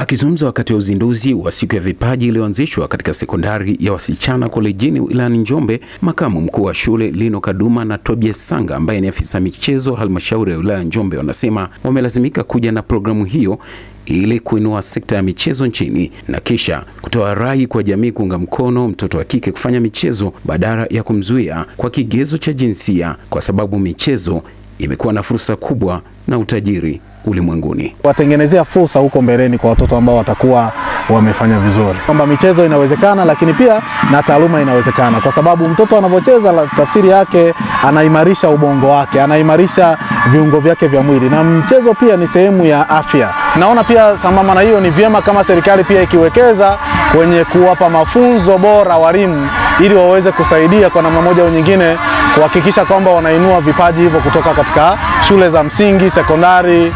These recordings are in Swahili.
Akizungumza wakati wa uzinduzi wa siku ya vipaji iliyoanzishwa katika sekondari ya wasichana kolejini wilayani Njombe, makamu mkuu wa shule Lino Kaduma na Tobias Sanga ambaye ni afisa michezo halmashauri ya wilaya Njombe wanasema wamelazimika kuja na programu hiyo ili kuinua sekta ya michezo nchini na kisha kutoa rai kwa jamii kuunga mkono mtoto wa kike kufanya michezo badala ya kumzuia kwa kigezo cha jinsia, kwa sababu michezo imekuwa na fursa kubwa na utajiri ulimwenguni. Watengenezea fursa huko mbeleni kwa watoto ambao watakuwa wamefanya vizuri, kwamba michezo inawezekana, lakini pia na taaluma inawezekana, kwa sababu mtoto anavyocheza, tafsiri yake anaimarisha ubongo wake, anaimarisha viungo vyake vya mwili, na mchezo pia ni sehemu ya afya. Naona pia sambamba na hiyo, ni vyema kama serikali pia ikiwekeza kwenye kuwapa mafunzo bora walimu ili waweze kusaidia kwa namna moja au nyingine kuhakikisha kwamba wanainua vipaji hivyo kutoka katika shule za msingi, sekondari.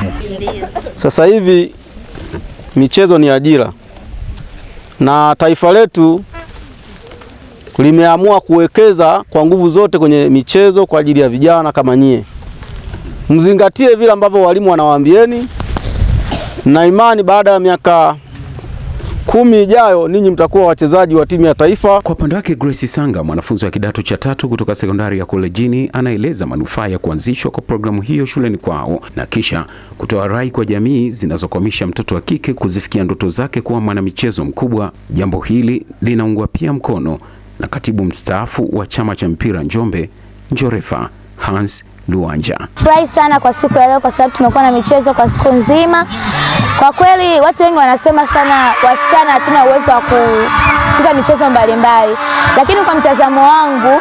Sasa hivi michezo ni ajira na taifa letu limeamua kuwekeza kwa nguvu zote kwenye michezo kwa ajili ya vijana kama nyie. Mzingatie vile ambavyo walimu wanawaambieni na imani, baada ya miaka kumi ijayo ninyi mtakuwa wachezaji wa timu ya taifa. Kwa upande wake Grace Sanga, mwanafunzi wa kidato cha tatu kutoka sekondari ya Kolejini, anaeleza manufaa ya kuanzishwa kwa programu hiyo shuleni kwao na kisha kutoa rai kwa jamii zinazokwamisha mtoto wa kike kuzifikia ndoto zake kuwa mwanamichezo mkubwa. Jambo hili linaungwa pia mkono na katibu mstaafu wa chama cha mpira Njombe, Njorefa Hans Luanja. Furahi sana kwa siku ya leo kwa sababu tumekuwa na michezo kwa siku nzima. Kwa kweli watu wengi wanasema sana wasichana hatuna uwezo wa ku kucheza michezo mbalimbali, mbali. lakini kwa mtazamo wangu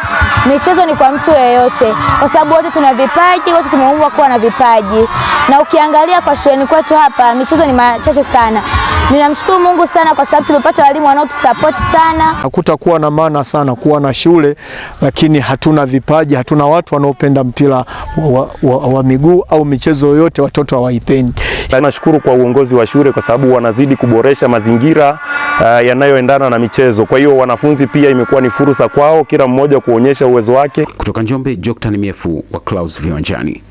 michezo ni kwa mtu yeyote, kwa sababu wote tuna vipaji, wote tumeumbwa kuwa na vipaji. Na ukiangalia kwa shuleni kwetu hapa michezo ni machache sana. Ninamshukuru Mungu sana kwa sababu tumepata walimu wanaotusupport sana. Hakutakuwa na maana sana kuwa na shule lakini hatuna vipaji, hatuna watu wanaopenda mpira wa, wa, wa, wa miguu au michezo yoyote, watoto hawaipendi. Nashukuru kwa uongozi wa shule kwa sababu wanazidi kuboresha mazingira uh, yanayoendana na michezo. Kwa hiyo wanafunzi pia imekuwa ni fursa kwao kila mmoja kuonyesha uwezo wake. Kutoka Njombe, Joctan Myefu wa Clouds Viwanjani.